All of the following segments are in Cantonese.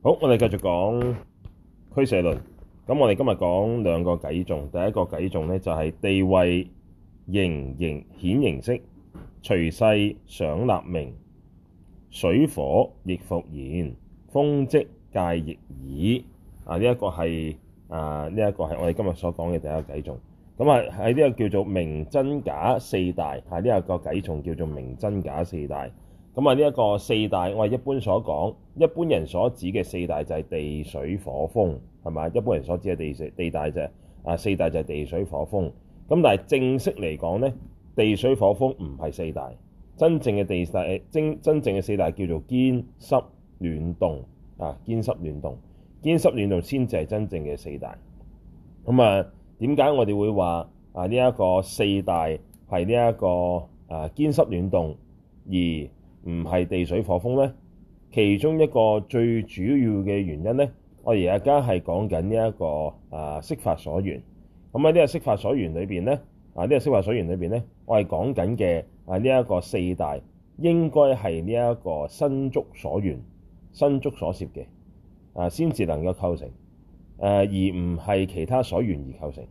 好，我哋繼續講俱舍論。咁我哋今日講兩個偈頌，第一個偈頌咧就係地謂形形顯形色，隨世想立名，水火亦復然，風即界亦爾。啊，呢、這、一個係啊，呢、這、一個係我哋今日所講嘅第一個偈頌。咁啊喺呢個叫做明真假四大，吓呢個個偈頌叫做明真假四大。咁啊！呢一個四大，我係一般所講，一般人所指嘅四大就係地水火風，係咪一般人所指嘅地水地大啫。啊，四大就係地水火風。咁但係正式嚟講呢，地水火風唔係四大，真正嘅地大，真真正嘅四大叫做堅濕暖動啊！堅濕暖動，堅濕暖動先至係真正嘅四大。咁啊，點解我哋會話啊？呢一個四大係呢一個啊堅濕暖動而。唔係地水火風咧，其中一個最主要嘅原因咧，我而家係講緊呢一個啊色法所緣。咁喺呢個色法所緣裏面咧，啊呢個色法所緣裏邊咧，我係講緊嘅啊呢一個四大應該係呢一個身觸所緣、身觸所攝嘅啊，先至能夠構成誒，而唔係其他所緣而構成。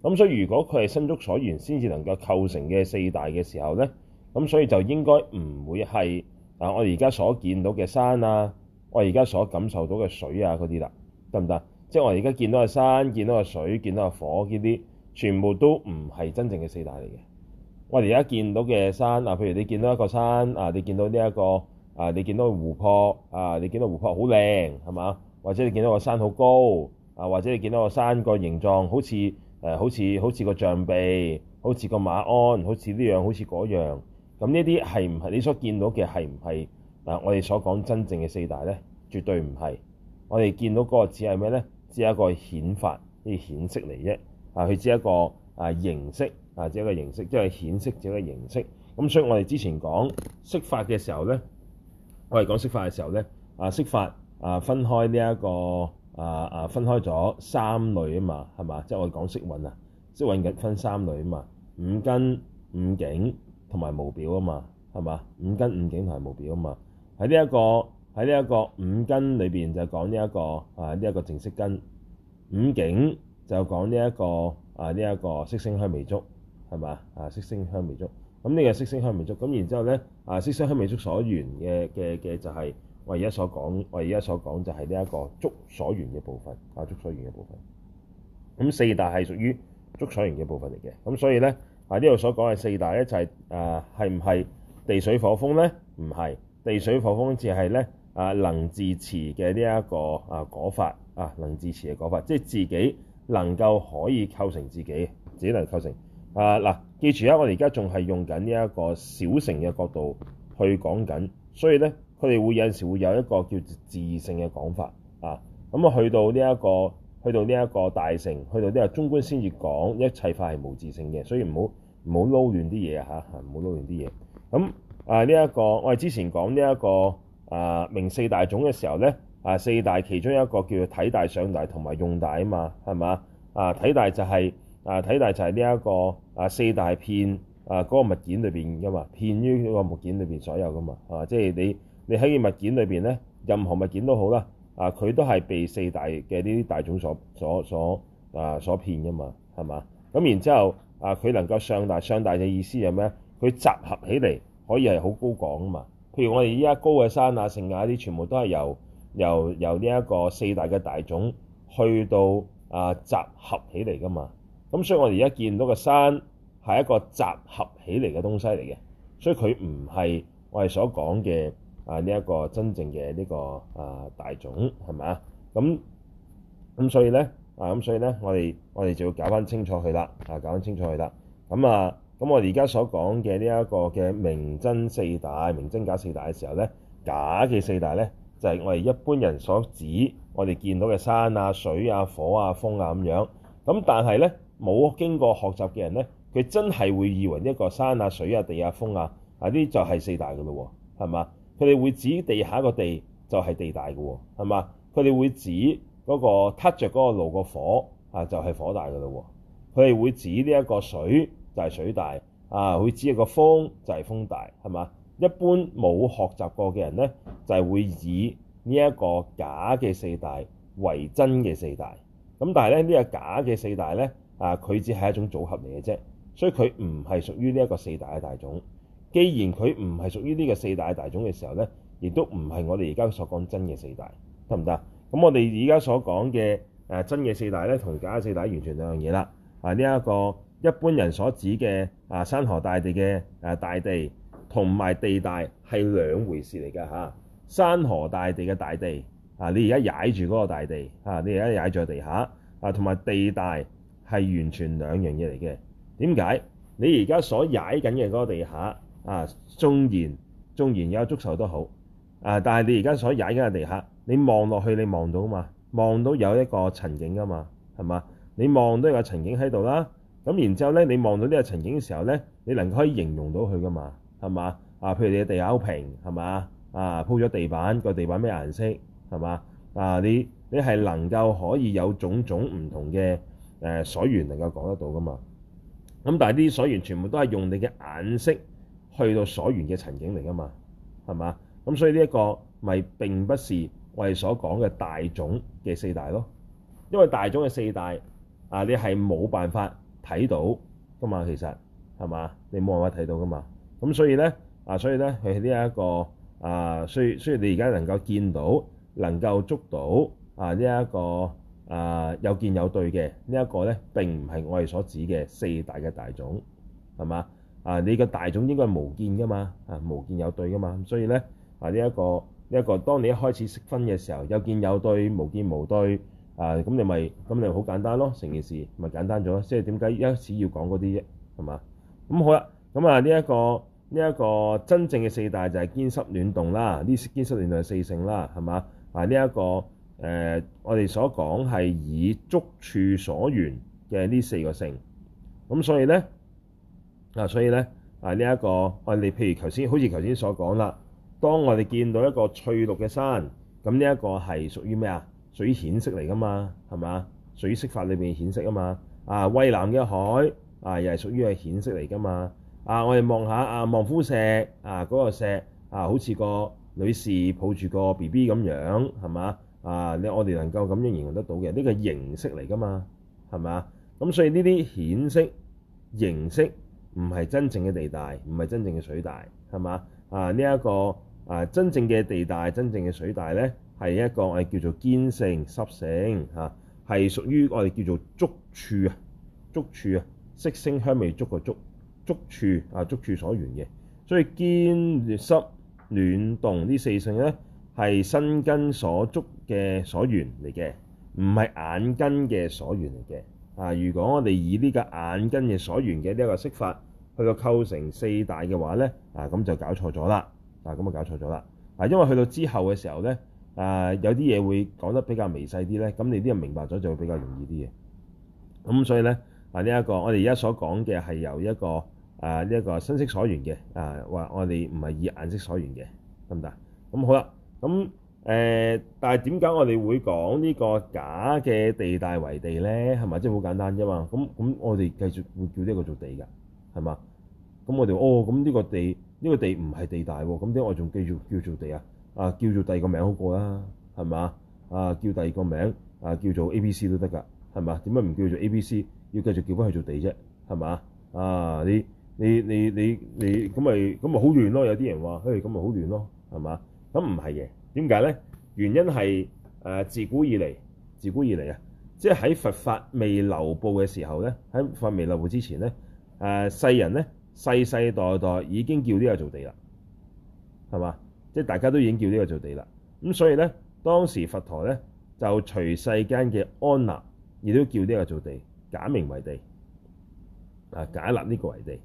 咁所以如果佢係身觸所緣先至能夠構成嘅四大嘅時候咧。咁所以就應該唔會係我哋而家所見到嘅山啊，我哋而家所感受到嘅水啊嗰啲啦，得唔得？即係我哋而家見到嘅山、見到嘅水、見到嘅火呢啲，全部都唔係真正嘅四大嚟嘅。我哋而家見到嘅山啊，譬如你見到一個山啊，你見到呢一個啊，你見到湖泊啊，你見到湖泊好靚，係嘛？或者你見到個山好高啊，或者你見到個山個形狀好似好似好似個象鼻，好似個馬鞍，好似呢樣，好似嗰樣。咁呢啲係唔係你所見到嘅係唔係嗱？我哋所講真正嘅四大咧，絕對唔係。我哋見到嗰個只係咩咧？只係一個顯法，啲顯色嚟啫。啊，佢只係一個啊形式啊，只係一個形式，即係顯色只係一個形式。咁所以我哋之前講色法嘅時候咧，我哋講色法嘅時候咧，啊色法啊分開呢、這、一個啊啊分開咗三類啊嘛，係嘛？即、就、係、是、我哋講色蘊啊，色蘊嘅分三類啊嘛，五根五境。同埋無表啊嘛，係嘛？五根五境同埋無表啊嘛。喺呢一個喺呢一個五根裏邊就講呢一個啊呢一、這個淨色根，五境就講呢一個啊呢一、這個色聲香味觸，係嘛？啊色聲香味觸，咁呢個色聲香味觸，咁然之後咧啊色聲香味觸所緣嘅嘅嘅就係我而家所講我而家所講就係呢一個觸所緣嘅部分啊，觸所緣嘅部分。咁、啊嗯、四大係屬於觸所緣嘅部分嚟嘅，咁、嗯、所以咧。喺呢度所講嘅四大一齊，誒係唔係地水火風咧？唔係地水火風只呢，只係咧啊能自持嘅呢一個啊果法啊能自持嘅果法，即係自己能夠可以構成自己，自己能構成。啊嗱、啊，記住啊，我哋而家仲係用緊呢一個小乘嘅角度去講緊，所以咧佢哋會有陣時會有一個叫自性嘅講法啊。咁啊，去到呢、這、一個。去到呢一個大乘，去到呢個中觀先至講一切法係無自性嘅，所以唔好唔好撈亂啲嘢吓，唔好撈亂啲嘢。咁啊呢一、嗯啊這個，我哋之前講呢一個啊明四大種嘅時候咧，啊四大其中一個叫做體大、相大同埋用大啊嘛，係咪？啊體大就係、是、啊體大就係呢一個啊四大片啊嗰個物件裏面㗎嘛，遍於呢個物件裏面所有㗎嘛，啊即係你你喺件物件裏面咧，任何物件都好啦。啊！佢都係被四大嘅呢啲大種所、所、所啊、所騙噶嘛，係嘛？咁然之後啊，佢能夠上大上大嘅意思係咩？佢集合起嚟可以係好高廣噶嘛？譬如我哋依家高嘅山啊、剩啊啲，全部都係由由由呢一個四大嘅大種去到啊集合起嚟噶嘛？咁所以我哋而家見到個山係一個集合起嚟嘅東西嚟嘅，所以佢唔係我哋所講嘅。啊！呢一個真正嘅呢個啊大種係咪啊？咁咁，所以咧啊咁，所以咧，我哋我哋就要搞翻清楚佢啦。啊，搞翻清楚佢啦。咁啊，咁我而家所講嘅呢一個嘅明真四大、明真假四大嘅時候咧，假嘅四大咧就係我哋一般人所指我哋見到嘅山啊、水啊、火啊、風啊咁樣。咁但係咧冇經過學習嘅人咧，佢真係會以為一個山啊、水啊、地啊、風啊啊啲就係四大噶咯，係嘛？佢哋會指地下個地就係地大嘅喎，係嘛？佢哋會指嗰個㗋着嗰個爐個火啊，就係火大嘅咯喎。佢哋會指呢一個水就係水大啊，會指一個風就係風大，係嘛？一般冇學習過嘅人呢，就係會以呢一個假嘅四大為真嘅四大。咁但係咧呢個假嘅四大呢，啊，佢只係一種組合嚟嘅啫，所以佢唔係屬於呢一個四大嘅大種。既然佢唔係屬於呢個四大大種嘅時候呢，亦都唔係我哋而家所講真嘅四大得唔得？咁我哋而家所講嘅誒真嘅四大呢，同假嘅四大完全兩樣嘢啦。啊，呢一個一般人所指嘅啊山河大地嘅誒大地同埋地大係兩回事嚟㗎嚇。山河大地嘅大地啊，你而家踩住嗰個大地啊，你而家踩著地下啊，同埋地大係完全兩樣嘢嚟嘅。點解？你而家所踩緊嘅嗰個地下。啊，縱然縱然有觸受都好啊，但係你而家所踩緊嘅地下，你望落去，你望到啊嘛，望到有一個情景啊嘛，係嘛？你望到有個情景喺度啦。咁然之後咧，你望到呢個情景嘅時候咧，你能夠可以形容到佢噶嘛？係嘛？啊，譬如你嘅地下平係嘛？啊，鋪咗地板，個地板咩顏色係嘛？啊，你你係能夠可以有種種唔同嘅誒所緣能夠講得到噶嘛？咁但係啲所緣全部都係用你嘅眼色，去到所緣嘅情景嚟噶嘛，係嘛？咁所以呢一個咪並不是我哋所講嘅大種嘅四大咯，因為大種嘅四大啊，你係冇辦法睇到噶嘛，其實係嘛？你冇辦法睇到噶嘛，咁所以咧啊，所以咧佢係呢一個啊，所以所以你而家能夠見到，能夠捉到啊呢一個啊有見有對嘅呢一個咧，並唔係我哋所指嘅四大嘅大種，係嘛？啊！你個大種應該係無見噶嘛，啊無見有對噶嘛，咁所以咧，呢一個呢一個，當你一開始識分嘅時候，有見有對，無見無對，啊咁你咪咁你好簡單咯，成件事咪簡單咗咯，即係點解一開始要講嗰啲啫，係嘛？咁、嗯、好啦、啊，咁、嗯、啊呢一、這個呢一、這個真正嘅四大就係堅濕暖動啦，呢堅濕暖動係四性啦，係嘛？啊呢一、這個誒、呃，我哋所講係以觸處所緣嘅呢四個性，咁所以咧。嗱、啊，所以咧啊，呢、這、一個我哋、啊、譬如頭先，好似頭先所講啦。當我哋見到一個翠綠嘅山，咁呢一個係屬於咩啊？屬於顯色嚟噶嘛，係咪？屬於色法裏面顯色啊嘛。啊，蔚藍嘅海啊，又係屬於係顯色嚟噶嘛。啊，我哋望下啊，望夫石啊，嗰、那個石啊，好似個女士抱住個 B B 咁樣，係咪？啊，你我哋能夠咁樣形容得到嘅呢、這個形色嚟噶嘛？係咪啊？咁所以呢啲顯色、形色。唔係真正嘅地大，唔係真正嘅水大，係嘛？啊，呢一個啊，真正嘅地大、真正嘅水大呢，係一個我哋叫做堅性、濕性，係屬於我哋叫做觸處啊，觸處啊，色聲香味觸嘅觸、觸處啊，觸處所緣嘅。所以堅、濕、暖、動呢四性呢，係身根所觸嘅所緣嚟嘅，唔係眼根嘅所緣嚟嘅。啊，如果我哋以呢個眼根嘅所緣嘅呢個色法。去到構成四大嘅話咧，啊咁就搞錯咗啦，啊咁啊搞錯咗啦，啊因為去到之後嘅時候咧，啊有啲嘢會講得比較微細啲咧，咁你啲人明白咗就會比較容易啲嘅。咁所以咧，啊呢一個我哋而家所講嘅係由一個啊呢一個身識所緣嘅，啊話我哋唔係以眼色所緣嘅，得唔得？咁好啦，咁誒、呃，但係點解我哋會講呢個假嘅地大為地咧？係咪？即係好簡單啫嘛。咁咁我哋繼續會叫呢一個做地㗎，係嘛？咁我哋哦，咁呢個地呢、呢個地唔係地大喎。咁點解我仲繼續叫做地啊？啊，叫做第二個名好過啦，係咪？啊？叫第二個名啊，叫做 A B C 都得㗎，係嘛？點解唔叫做 A B C？要繼續叫翻去做地啫，係咪？啊？你你你你你咁咪咁咪好亂咯？有啲人話，嘿、欸，咁咪好亂咯，係嘛？咁唔係嘅，點解咧？原因係誒、呃、自古以嚟自古以嚟啊，即係喺佛法未流布嘅時候咧，喺佛法未流布之前咧，誒、呃、世人咧。世世代代已經叫呢個做地啦，係嘛？即係大家都已經叫呢個做地啦。咁所以咧，當時佛陀咧就隨世間嘅安立，亦都叫呢個做地，假名為地啊，假立呢個為地，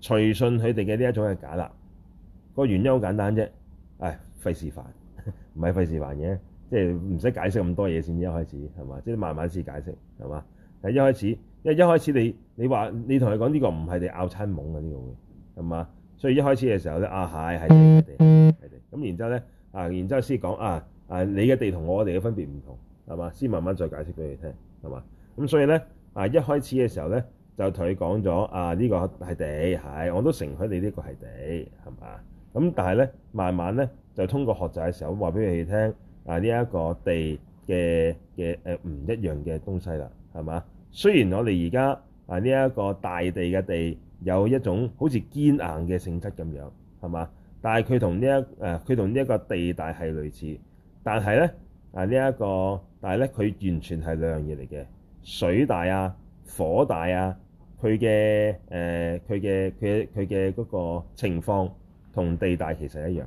隨順佢哋嘅呢一種嘅假立。個原因好簡單啫，係費事煩，唔係費事煩嘅，即係唔使解釋咁多嘢先，就是。一開始係嘛，即係慢慢先解釋係嘛，但一開始。因為一開始你你話你同佢講呢個唔係，你拗親懵嘅呢種嘅係嘛，所以一開始嘅時候咧啊，係係地係地咁，然之後咧啊，然之後先講啊啊你嘅地同我哋嘅分別唔同係嘛，先慢慢再解釋俾你聽係嘛，咁所以咧啊，一開始嘅時候咧就同佢講咗啊，呢個係地，係我都承許你呢個係地係嘛，咁但係咧，慢慢咧就通過學習嘅時候，話俾佢哋聽啊，呢一個地嘅嘅誒唔一樣嘅東西啦係嘛。雖然我哋而家啊呢一個大地嘅地有一種好似堅硬嘅性質咁樣，係嘛？但係佢同呢一誒佢同呢一個地大係類似，但係咧啊呢一個但係咧佢完全係兩樣嘢嚟嘅。水大啊，火大啊，佢嘅誒佢嘅佢佢嘅嗰個情況同地大其實一樣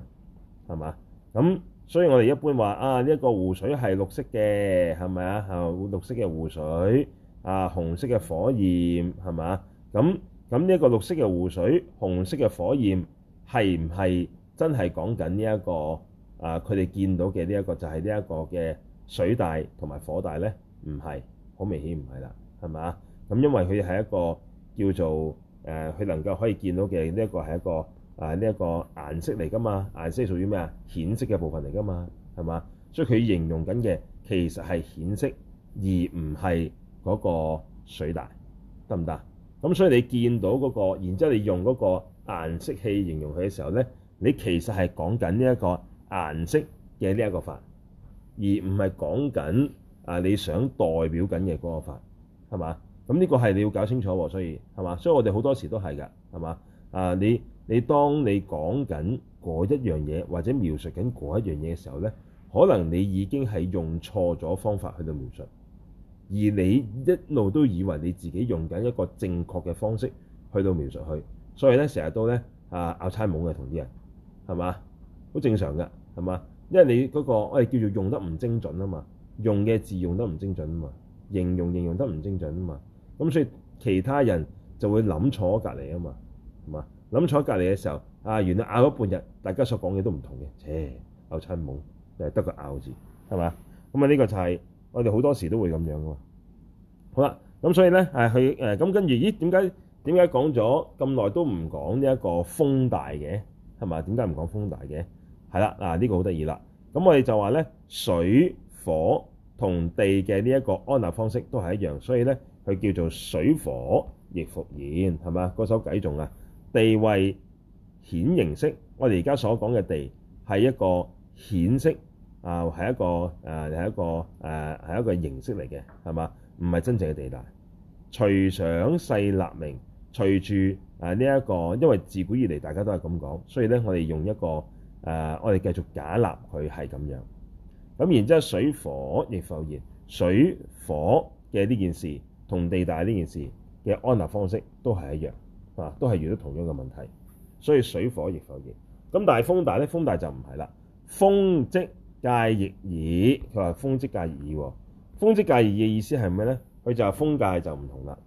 係嘛？咁所以我哋一般話啊呢一個湖水係綠色嘅係咪啊？係綠色嘅湖水。啊！紅色嘅火焰係嘛？咁咁呢一個綠色嘅湖水，紅色嘅火焰係唔係真係講緊呢一個？啊，佢哋見到嘅、這個就是、呢一個就係呢一個嘅水大同埋火大咧？唔係好明顯唔係啦，係嘛？咁因為佢係一個叫做誒，佢、呃、能夠可以見到嘅呢一個係一個啊呢一個顏色嚟噶嘛？顏色屬於咩啊？顯色嘅部分嚟噶嘛？係嘛？所以佢形容緊嘅其實係顯色，而唔係。嗰個水大得唔得？咁所以你見到嗰個，然之後你用嗰個顏色器形容佢嘅時候呢，你其實係講緊呢一個顏色嘅呢一個法，而唔係講緊啊你想代表緊嘅嗰個法，係嘛？咁呢個係你要搞清楚喎，所以係嘛？所以我哋好多時都係㗎，係嘛？啊你你當你講緊嗰一樣嘢或者描述緊嗰一樣嘢嘅時候呢，可能你已經係用錯咗方法去到描述。而你一路都以為你自己用緊一個正確嘅方式去到描述佢，所以咧成日都咧啊拗差冇嘅同啲人，係嘛？好正常㗎，係嘛？因為你嗰個，我哋叫做用得唔精準啊嘛，用嘅字用得唔精準啊嘛，形容形容得唔精準啊嘛，咁所以其他人就會諗坐隔籬啊嘛，係嘛？諗坐隔籬嘅時候，啊原來拗咗半日，大家所講嘅都唔同嘅，切、欸、拗差冇，就係得個拗字，係嘛？咁啊呢個就係、是。我哋好多時都會咁樣噶嘛，好啦，咁所以咧，誒佢誒咁跟住，咦點解點解講咗咁耐都唔講呢一個風大嘅，係嘛？點解唔講風大嘅？係啦，嗱呢個好得意啦。咁我哋就話咧，水火同地嘅呢一個安納方式都係一樣，所以咧，佢叫做水火亦復然，係嘛？嗰首偈仲啊，地謂顯形色，我哋而家所講嘅地係一個顯色，啊，係一個誒，係、啊、一個誒，係、啊、一個形式嚟嘅，係嘛？唔係真正嘅地大。隨世想立名，隨住誒呢一個，因為自古以嚟大家都係咁講，所以咧我哋用一個誒、啊，我哋繼續假立佢係咁樣。咁然之後水火亦復然，水火嘅呢件事同地大呢件事嘅安立方式都係一樣啊，都係遇到同樣嘅問題，所以水火亦復然。咁但係風大咧，風大就唔係啦，風即界亦爾，佢話風即界亦爾喎。風即界亦爾嘅意思係咩咧？佢就係風界就唔同啦。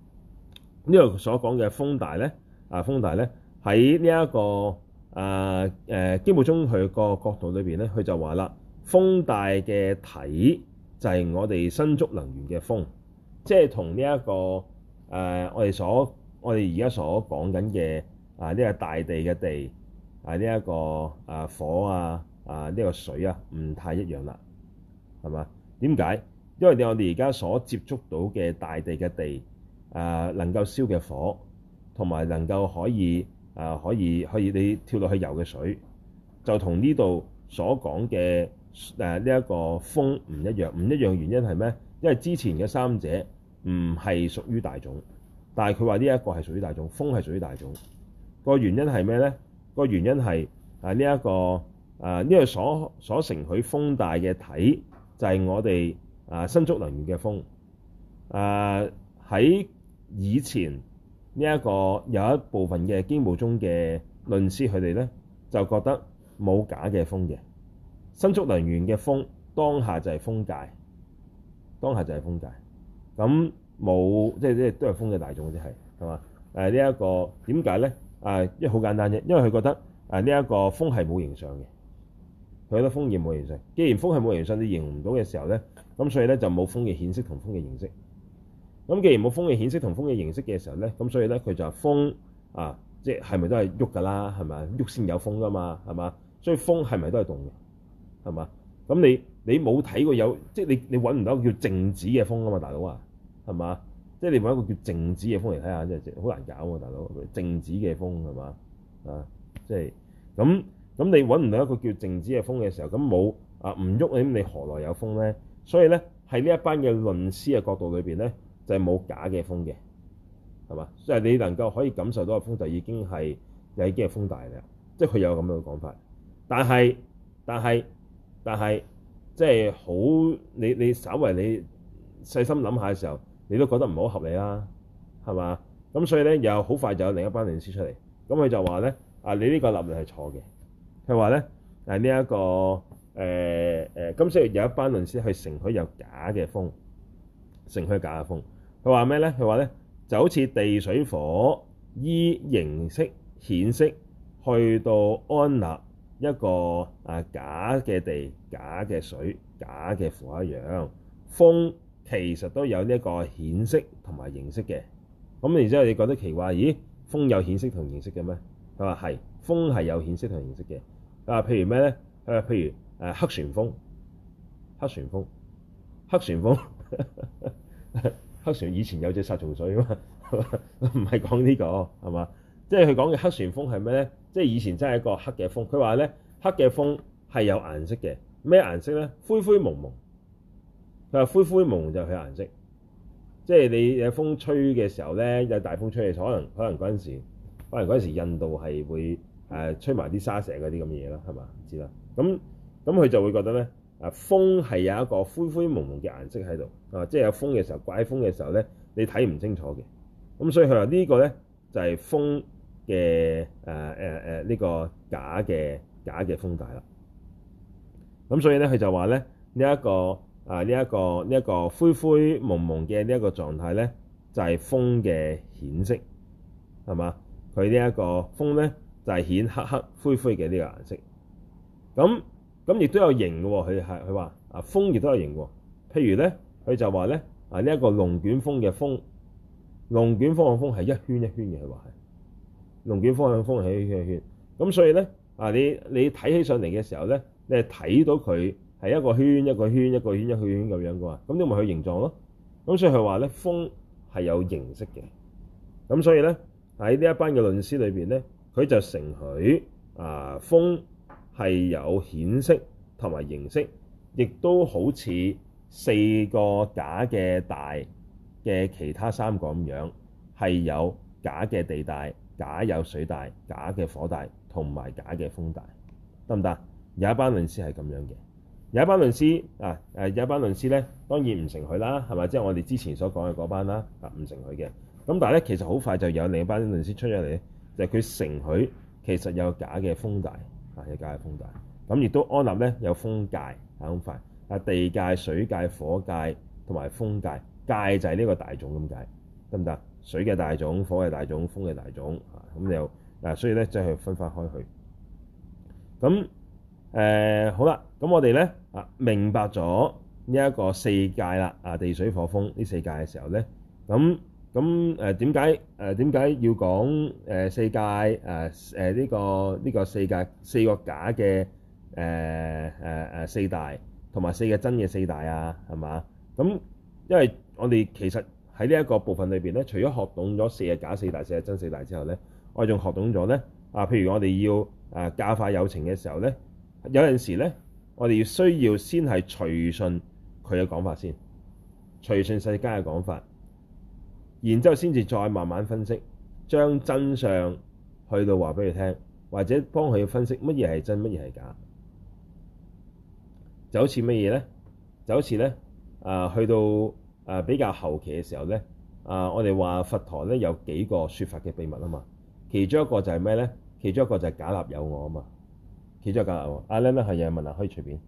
呢度所講嘅風大咧、這個，啊，風大咧喺呢一個啊，誒，基本中佢個角度裏邊咧，佢就話啦，風大嘅體就係我哋身觸能緣嘅風，即係同呢一個誒、啊，我哋所我哋而家所講緊嘅啊呢個大地嘅地啊呢一個啊火啊。啊！呢、這個水啊，唔太一樣啦，係嘛？點解？因為我哋而家所接觸到嘅大地嘅地，誒、啊、能夠燒嘅火，同埋能夠可以誒、啊、可以可以你跳落去遊嘅水，就同呢度所講嘅誒呢一個風唔一樣。唔一樣原因係咩？因為之前嘅三者唔係屬於大種，但係佢話呢一個係屬於大種，風係屬於大種。個原因係咩呢？個原因係誒呢一個。啊！呢、這個所所承許風大嘅體就係、是、我哋啊，身觸能緣嘅風啊。喺以前呢、這、一個有一部分嘅經部中嘅論師，佢哋咧就覺得冇假嘅風嘅身觸能緣嘅風，當下就係風界，當下就係風界。咁冇即係即係都係風嘅大眾，即係係嘛？啊這個，呢一個點解咧？啊，因為好簡單啫，因為佢覺得啊，呢、這、一個風係冇形相嘅。佢覺得風亦冇形成。既然風係冇形成，你形容唔到嘅時候咧，咁所以咧就冇風嘅顯色同風嘅形式。咁既然冇風嘅顯色同風嘅形式嘅時候咧，咁所以咧佢就係風啊，即係咪都係喐噶啦？係嘛，喐先有風噶嘛，係嘛？所以風係咪都係動嘅？係嘛？咁你你冇睇過有即係、就是、你你揾唔到叫靜止嘅風啊嘛，大佬啊，係嘛？即係你揾一個叫靜止嘅風嚟睇、就是、下，即係好難搞啊，大佬！靜止嘅風係嘛？啊，即係咁。就是咁你揾唔到一個叫靜止嘅風嘅時候，咁冇啊唔喐你，咁你何來有風咧？所以咧，喺呢一班嘅論師嘅角度裏面咧，就係冇假嘅風嘅，係嘛？即係你能夠可以感受到個風，就已經係已經係風大啦。即係佢有咁樣嘅講法，但係但係但係即係好你你稍為你細心諗下嘅時候，你都覺得唔好合理啦，係嘛？咁所以咧，又好快就有另一班論師出嚟，咁佢就話咧啊，你呢個立論係錯嘅。佢話咧，誒呢一個誒誒、呃，今次有一班論師承許有假嘅風，承許假嘅風。佢話咩咧？佢話咧，就好似地水火依形色顯色去到安立一個啊假嘅地、假嘅水、假嘅火一樣。風其實都有呢一個顯色同埋形色嘅。咁然之後你覺得奇怪，咦？風有顯色同形色嘅咩？佢話係。風係有顯色同形式嘅，佢話譬如咩咧？佢話譬如誒、啊、黑旋風、黑旋風、黑旋風、呵呵黑旋以前有隻殺蟲水啊嘛，唔係講呢個係嘛？即係佢講嘅黑旋風係咩咧？即係以前真係一個黑嘅風。佢話咧黑嘅風係有顏色嘅，咩顏色咧？灰灰蒙蒙。佢話灰灰蒙蒙就係顏色，即係你有風吹嘅時候咧，有大風吹嘅可能可能嗰陣時可能嗰陣時印度係會。誒吹埋啲沙石嗰啲咁嘅嘢咯，係嘛？唔知啦。咁咁佢就會覺得咧，啊風係有一個灰灰蒙蒙嘅顏色喺度，啊即係、就是、有風嘅時候，刮風嘅時候咧，你睇唔清楚嘅。咁所以佢話呢個咧就係、是、風嘅誒誒誒呢個假嘅假嘅風大啦。咁所以咧佢就話咧呢一、這個啊呢一、這個呢一、這個灰灰蒙蒙嘅呢一個狀態咧就係、是、風嘅顯色係嘛？佢呢一個風咧。就係、是、顯黑黑灰灰嘅呢個顏色。咁咁亦都有形嘅喎。佢係佢話啊，風亦都有形。譬如咧，佢就話咧啊，呢、這、一個龍捲風嘅風，龍捲風嘅風係一圈一圈嘅。佢話係龍捲方向風係一圈一圈咁，所以咧啊，你你睇起上嚟嘅時候咧，你係睇到佢係一個圈一個圈一個圈一個圈咁樣嘅話，咁呢咪佢形狀咯。咁所以佢話咧風係有形色嘅。咁所以咧喺呢在這一班嘅論師裏邊咧。佢就承許啊，風係有顯色同埋形色，亦都好似四個假嘅大嘅其他三個咁樣，係有假嘅地大、假有水大、假嘅火大同埋假嘅風大，得唔得？有一班論師係咁樣嘅，有一班論師啊誒有一班論師咧當然唔承許啦，係咪即係我哋之前所講嘅嗰班啦？啊唔承許嘅，咁但係咧其實好快就有另一班論師出咗嚟。就係佢承許，其實有假嘅風大，啊有假嘅風大，咁亦都安立咧有風界，咁快，啊地界、水界、火界同埋風界，界就係呢個大種咁解，得唔得？水嘅大種、火嘅大種、風嘅大種，啊咁又啊，所以咧即係分返開去。咁誒、呃、好啦，咁我哋咧啊明白咗呢一個四界啦，啊地水火風呢四界嘅時候咧，咁。咁誒點解誒點解要講誒、呃、四界呢、呃這個呢、這個四界四個假嘅、呃呃、四大同埋四個真嘅四大啊係嘛？咁因為我哋其實喺呢一個部分裏面，咧，除咗學懂咗四個假四大、四個真四大之後咧，我哋仲學懂咗咧啊！譬如我哋要誒、啊、教化有情嘅時候咧，有陣時咧，我哋要需要先係隨順佢嘅講法先，隨順世間嘅講法。然之後先至再慢慢分析，將真相去到話俾佢聽，或者幫佢分析乜嘢係真，乜嘢係假，就好似乜嘢咧？就好似咧啊，去到、呃、比較後期嘅時候咧啊、呃，我哋話佛陀咧有幾個說法嘅秘密啊嘛。其中一個就係咩咧？其中一個就係假立有我啊嘛。其中一個假立阿 Len 咧，係、啊、有問啊，可以隨便。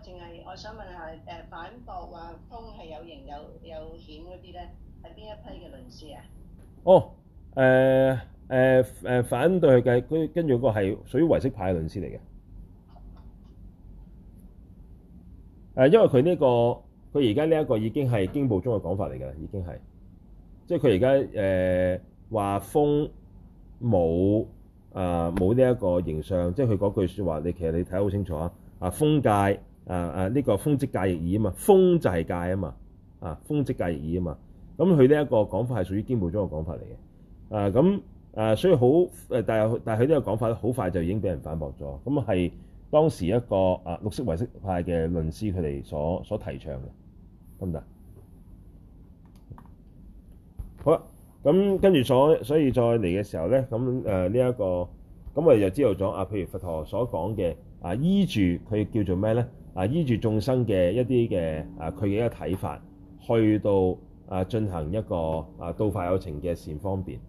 淨係我想問下誒，反駁話風係有形有有顯嗰啲咧，係邊一批嘅論師啊？哦，誒誒誒，反對嘅佢跟住個係屬於唯識派嘅論師嚟嘅。誒、呃，因為佢呢、這個佢而家呢一個已經係經部中嘅講法嚟㗎，已經係即係佢而家誒話風冇啊冇呢一個形象，即係佢嗰句説話，你其實你睇好清楚啊啊風界。啊啊！呢、啊啊這個風即界亦爾啊嘛，風就係界啊嘛，啊風即界亦爾啊嘛。咁佢呢一個講法係屬於經部中嘅講法嚟嘅。啊咁啊，所以好、啊、但係但係佢呢個講法咧，好快就已經俾人反駁咗。咁係當時一個啊綠色唯識派嘅論師佢哋所所提倡嘅得唔得？好啦，咁、啊、跟住所所以再嚟嘅時候咧，咁呢一個咁我哋就知道咗啊，譬如佛陀所講嘅啊依住佢叫做咩咧？啊，依住眾生嘅一啲嘅啊，佢嘅一個睇法，去到啊進行一個啊道法有情嘅善方便。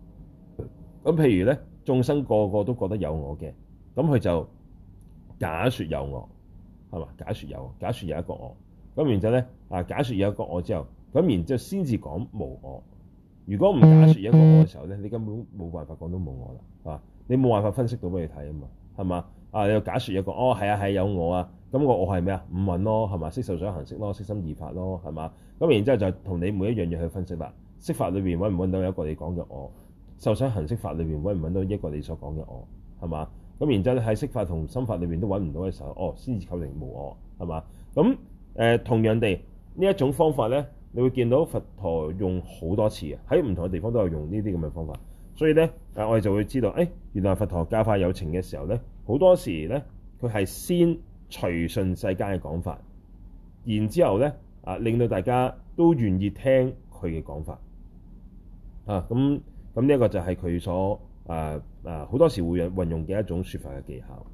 咁譬如咧，眾生個個都覺得有我嘅，咁佢就假説有我係嘛？假説有我，假説有一個我。咁然之後咧啊，假説有一個我之後，咁然之後先至講無我。如果唔假説有一個我嘅時候咧，你根本冇辦法講到無我啦，係嘛？你冇辦法分析到俾你睇啊嘛，係嘛？啊，你又假説有一個哦，係啊係、啊、有我啊。咁、那個、我我係咩啊？五蘊咯，係嘛？色受想行識咯，色心二法咯，係嘛？咁然之後就同你每一樣嘢去分析啦。色法裏面搵唔搵到一個你講嘅我，受想行識法裏面搵唔搵到一個你所講嘅我，係嘛？咁然之後喺色法同心法裏面都搵唔到嘅時候，哦，先至確定無我，係嘛？咁、呃、同樣地呢一種方法咧，你會見到佛陀用好多次嘅喺唔同嘅地方都有用呢啲咁嘅方法，所以咧，我哋就會知道誒，原來佛陀教化有情嘅時候咧，好多時咧佢係先。隨順世間嘅講法，然之後咧啊，令到大家都願意聽佢嘅講法啊。咁咁呢一個就係佢所啊啊好多時候會用運用嘅一種說法嘅技巧。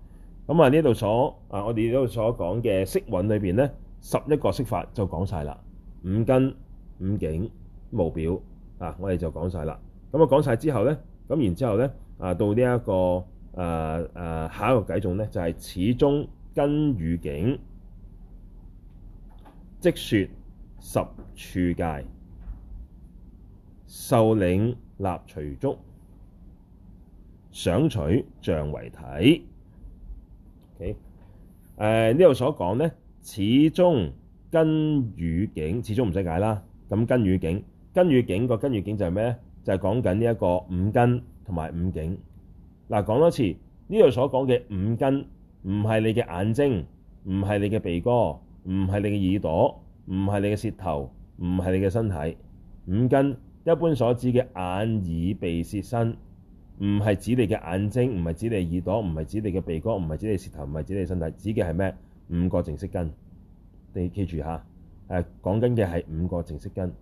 咁啊，呢度所啊，我哋呢度所講嘅色蘊裏邊咧，十一個色法就講晒啦。五根、五境、無表啊，我哋就講晒啦。咁啊，講晒之後咧，咁然之後咧啊，到呢、這、一個啊啊下一個偈頌咧，就係始終。根與境，即說十處界，受領納隨觸，想取像為體。誒、okay? 呃，呢度所講咧，始終根與境，始終唔使解啦。咁根與境，根與境個根與境就係咩咧？就係講緊呢一個五根同埋五境。嗱、呃，講多次，呢度所講嘅五根。唔係你嘅眼睛，唔係你嘅鼻哥，唔係你嘅耳朵，唔係你嘅舌頭，唔係你嘅身體。五根一般所指嘅眼耳鼻舌身，唔係指你嘅眼睛，唔係指你嘅耳朵，唔係指你嘅鼻哥，唔係指你嘅舌頭，唔係指你嘅身體。指嘅係咩？五個淨色根。你記住嚇誒、啊，講緊嘅係五個淨色根。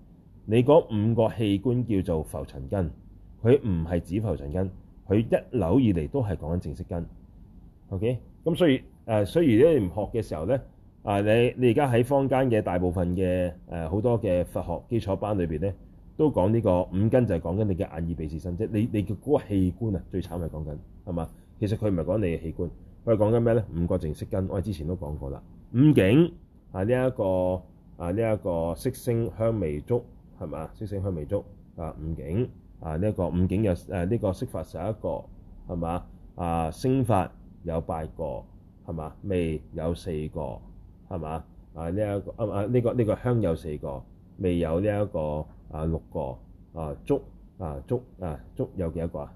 你嗰五個器官叫做浮塵根，佢唔係指浮塵根，佢一路以嚟都係講緊淨色根。O.K. 咁所以誒，所以如果你唔學嘅時候咧，啊，你你而家喺坊間嘅大部分嘅誒好多嘅佛學基礎班裏邊咧，都講呢、這個五根就係講緊你嘅眼耳鼻舌身即、就是、你你叫嗰個器官啊，最慘係講緊係嘛？其實佢唔係講你嘅器官，佢係講緊咩咧？五個淨色根，我哋之前都講過啦。五境、這個這個、啊，呢一個啊，呢、這、一個色聲香味觸係嘛？色聲香味觸啊，五境啊，呢一個五境又誒呢個色法就係一個係嘛啊聲法，有八個，係嘛？未有四個，係嘛？啊，呢一個啊，啊，呢個呢個香有四個，未有呢一個啊，六個啊，竹，啊，竹，啊竹有幾多個啊？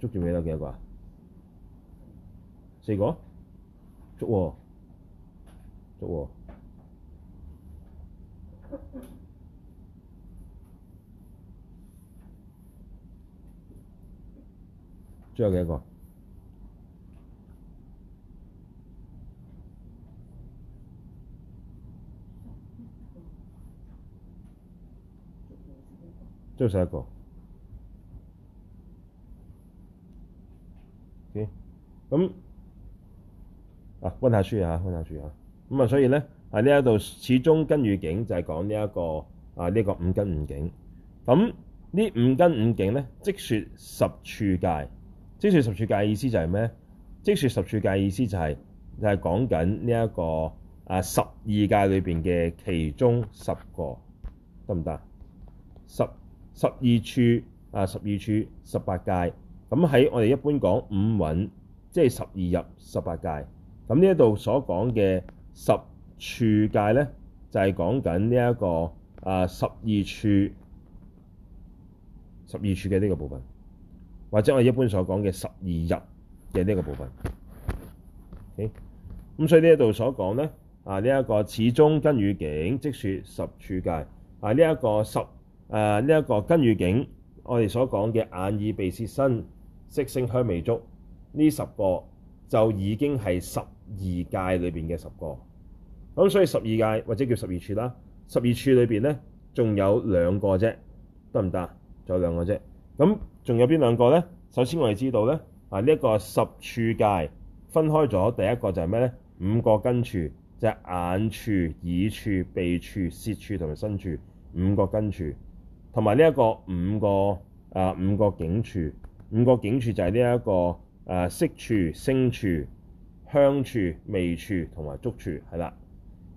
竹仲有幾多？幾多個啊？四個？竹喎，竹喎，最後幾多個？即係十一個，OK，咁啊，温下書呀，温下書呀。咁啊，所以咧喺呢一度始終根與境就係講呢、這、一個啊，呢、這個個五根五境。咁呢五根五境咧，即説十處界。即説十處界嘅意思就係咩？即説十處界嘅意思就係、是、就係、是、講緊呢一個啊，十二界裏邊嘅其中十個，得唔得？十。十二處啊，十二處，十八界。咁喺我哋一般講五蘊，即十二入十八界。咁呢一度所講嘅十處界咧、這個，就係講緊呢一個啊十二處，十二處嘅呢個部分，或者我哋一般所講嘅十二入嘅呢個部分。咁、okay? 所以呢一度所講咧啊呢一個此中根與境即説十處界啊呢一個十。誒呢一個根與境，我哋所講嘅眼耳鼻舌身色性香味足，呢十,十,十個，就已經係十二界裏面嘅十個。咁所以十二界或者叫十二處啦，十二處裏面呢，仲有兩個啫，得唔得？有兩個啫。咁仲有邊兩個呢？首先我哋知道呢，啊呢一個十處界分開咗，第一個就係咩呢？五個根處，就係、是、眼處、耳處、鼻處、舌處同埋身處，五個根處。同埋呢一個五個啊、呃、五個境處，五個境處就係呢一個誒、呃、色處、聲處、香處、味處同埋觸處，係啦。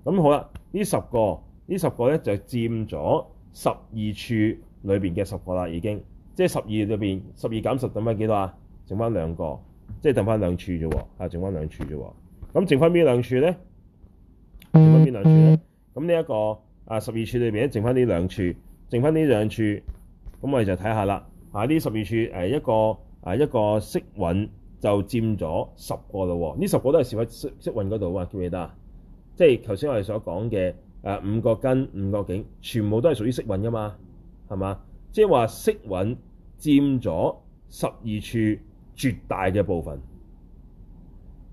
咁、嗯、好啦，呢十,十個呢十個咧就佔咗十二處裏邊嘅十個啦，已經。即係十二裏邊，十二減十等翻幾多啊？剩翻兩個，即係等翻兩處啫喎、啊，剩翻兩處啫喎。咁剩翻邊兩處咧？剩翻邊兩處咧？咁呢一個啊十二處裏邊咧，剩翻呢兩處。剩翻呢兩處，咁我哋就睇下啦。啊，呢十二處一個啊一個色蘊就佔咗十個咯喎，呢十個都係攝喺色色蘊嗰度啊，記唔記得？即係頭先我哋所講嘅誒五個根五個境，全部都係屬於色蘊噶嘛，係嘛？即係話色蘊佔咗十二處絕大嘅部分。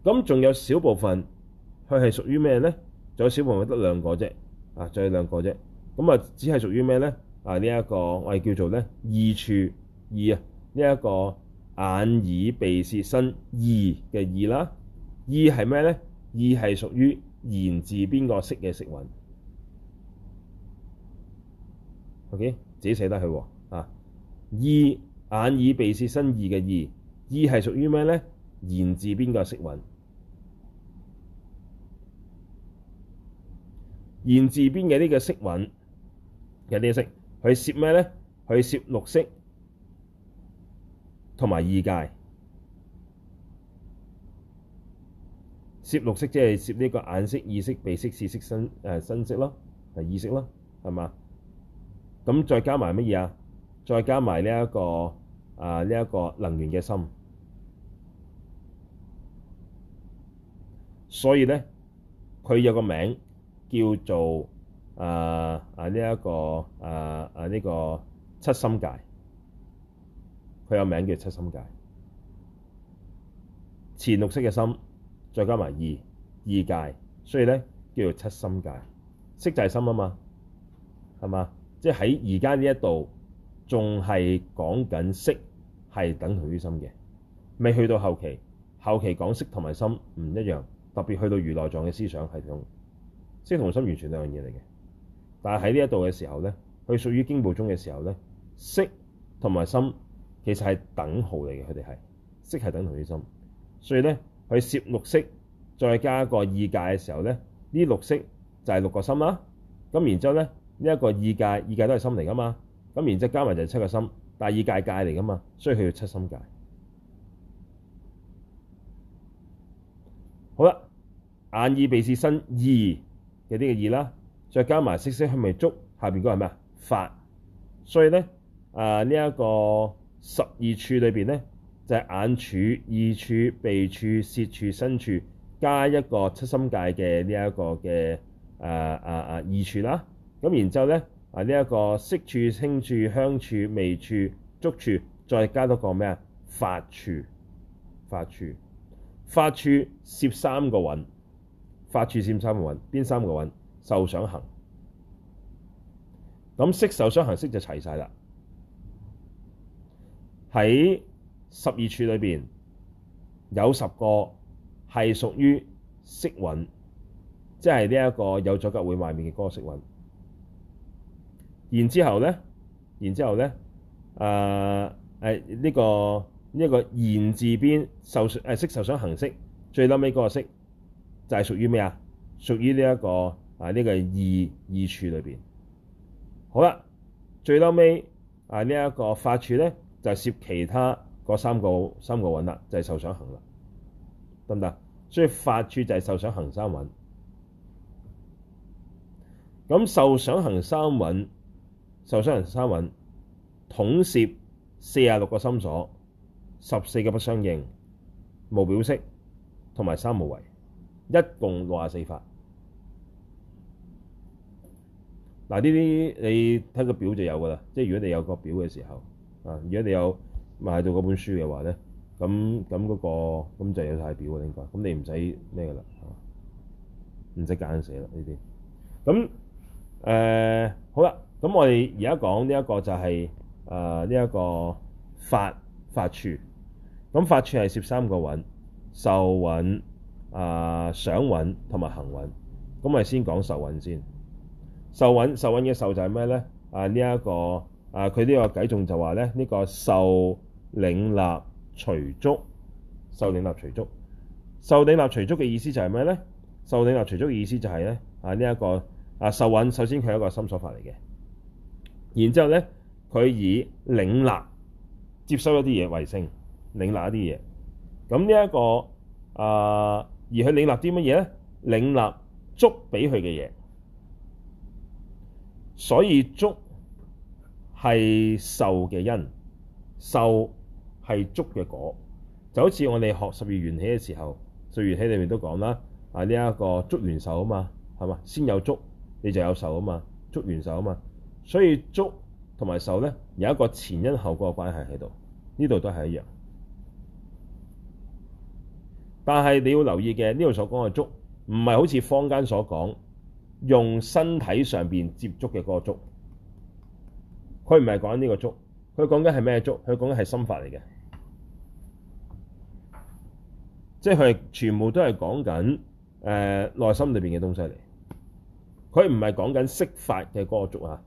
咁仲有小部分佢係屬於咩咧？仲有小部分得兩個啫，啊，仲有兩個啫。咁啊，只係屬於咩咧？啊！呢、這、一個我哋叫做咧二處二啊！呢、這、一個眼耳鼻舌身意嘅意啦，意係咩咧？意係屬於言字邊個識嘅識蘊。OK，自己寫得去喎啊！意眼耳鼻舌身意嘅意，意係屬於咩咧？言字邊個識蘊？言字邊嘅呢個識蘊有啲色。佢攝咩咧？佢攝六識同埋意界。攝六識即係攝呢一個眼識、耳識、鼻識、舌識、身誒身識咯，係意識咯，係嘛？咁再加埋乜嘢啊？再加埋呢一個啊呢一個能緣嘅心。所以咧，佢有個名叫做。啊啊！呢、啊、一、啊啊啊啊這個啊啊呢七心界，佢有名叫七心界，前六色嘅心，再加埋二二界，所以咧叫做七心界。色就係心啊嘛，係嘛？即喺而家呢一度仲係講緊色係等同於心嘅，未去到後期。後期講色同埋心唔一樣，特別去到如來藏嘅思想系統，色同心完全兩樣嘢嚟嘅。但係喺呢一度嘅時候咧，佢屬於經部中嘅時候咧，色同埋心其實係等號嚟嘅，佢哋係色係等同於心，所以咧佢攝六色再加個意界嘅時候咧，呢六色就係六個心啦。咁然之後咧呢一、這個意界，意界都係心嚟噶嘛。咁然之後加埋就係七個心，但係意界是界嚟噶嘛，所以佢叫七心界。好啦，眼耳鼻舌身二嘅呢個意啦。再加埋色，色、色、香、味、觸下邊嗰個係咩啊？法。所以咧啊，呃這個、呢一個十二處裏面咧就係、是、眼處、耳處、鼻處、舌處、身處，加一個七心界嘅呢一個嘅、呃、啊啊啊耳處啦。咁然之後咧啊，呢、這、一個色處、聲處、香處、味處、觸處，再加多個咩啊？法處。法處。法處攝三個蘊。法處攝三個蘊，邊三個蘊？受想行，咁色受想行識就齊晒啦。喺十二處裏面面、呃這個這個、邊，有十個係屬於色蘊，即係呢一個有咗骨會埋面嘅嗰個色蘊。然之後咧，然之後咧，誒誒呢個呢個言字邊識誒色受想行識最孻尾嗰個識，就係、是、屬於咩啊？屬於呢、這、一個。啊！呢個二二處裏面好啦，最嬲尾啊！呢一個法處咧，就攝其他三個三個蘊啦，就係受想行啦，得唔得？所以法處就係受想行三蘊。咁受想行三蘊，受想行三蘊，統攝四十六個心所，十四個不相應，無表色同埋三無為，一共六十四法。嗱，呢啲你睇個表就有噶啦，即係如果你有個表嘅時候，啊，如果你有買到嗰本書嘅話咧，咁咁嗰個咁就有曬表嘅應該，咁你唔使咩噶啦，唔使揀寫啦呢啲。咁誒、呃、好啦，咁我哋而家講呢一個就係誒呢一個法，法處，咁法處係攝三個蘊，受蘊、啊、呃、想蘊同埋行蘊，咁我哋先講受蘊先。受蘊受蘊嘅受就係咩咧？啊呢一，這個啊佢呢個偈頌就話咧，呢個受領納隨觸，受領納隨觸，受領納隨觸嘅意思就係咩咧？受領納隨觸意思就係、是、咧啊呢一，這個啊，受蘊首先佢係一個心所法嚟嘅，然之後咧佢以領納接收一啲嘢為性，領納一啲嘢。咁呢一個啊而去領納啲乜嘢咧？領納觸俾佢嘅嘢。所以，觸係受嘅因，受係觸嘅果，就好似我哋學十二緣起嘅時候，十二緣起裏面都講啦，啊呢一、這個觸緣受啊嘛，係嘛，先有觸，你就有受啊嘛，觸緣受啊嘛，所以觸同埋受咧有一個前因後果嘅關係喺度，呢度都係一樣。但係你要留意嘅，呢度所講嘅觸，唔係好似坊間所講。用身體上邊接觸嘅嗰個觸，佢唔係講緊呢個觸，佢講緊係咩觸？佢講緊係心法嚟嘅，即係佢全部都係講緊誒內心裏邊嘅東西嚟。佢唔係講緊色法嘅嗰個觸啊，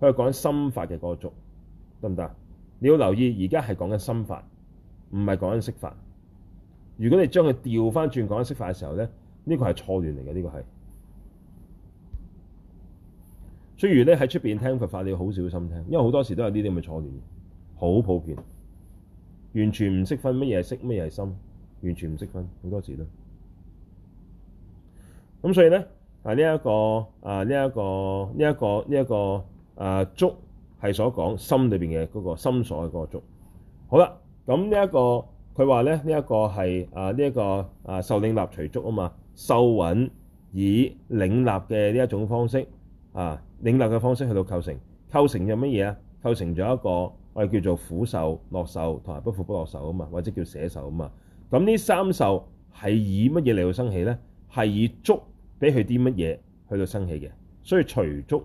佢講心法嘅嗰個觸，得唔得？你要留意，而家係講緊心法，唔係講緊色法。如果你將佢調翻轉講緊色法嘅時候咧，呢個係錯亂嚟嘅，呢個係。所以如咧喺出邊聽佛法，你要好小心聽，因為好多時候都有呢啲咁嘅錯亂，好普遍，完全唔識分乜嘢係識，乜嘢係心，完全唔識分，好多時都咁。所以咧，啊呢一個啊呢一個呢一個呢一個啊觸係所講心裏邊嘅嗰個心所嘅嗰個觸。好啦，咁呢一個佢話咧，呢一個係啊呢一個啊受領納隨觸啊嘛，受蘊以領納嘅呢一種方式。啊，領納嘅方式去到構成，構成咗乜嘢啊？構成咗一個我哋叫做苦受、樂受同埋不苦不樂受啊嘛，或者叫捨受啊嘛。咁呢三受係以乜嘢嚟到生起咧？係以觸俾佢啲乜嘢去到生起嘅。所以隨觸，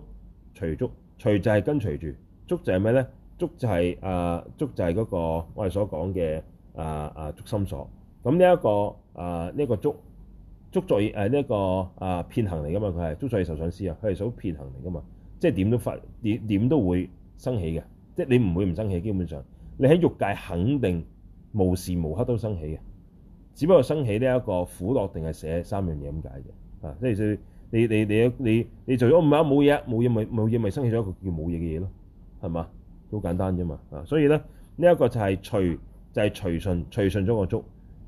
隨觸，隨就係跟隨住，觸就係咩咧？觸就係、是、啊，觸就係嗰個我哋所講嘅啊啊觸心所。咁呢一個啊呢、呢個觸。觸作業呢一，呃呢個啊遍行嚟㗎嘛，佢係觸作業受想思啊，佢係種遍行嚟㗎嘛。即係點都發點點都會生起嘅，即係你唔會唔生起。基本上你喺欲界肯定無時無刻都生起嘅，只不過生起呢一個苦樂定係捨三樣嘢咁解啫。啊。即係你你你你你做咗唔係冇嘢冇嘢咪冇嘢咪生起咗一個叫冇嘢嘅嘢咯，係嘛，好簡單啫嘛啊。所以咧呢一，呢個就係隨就係、是，隨順隨順咗個觸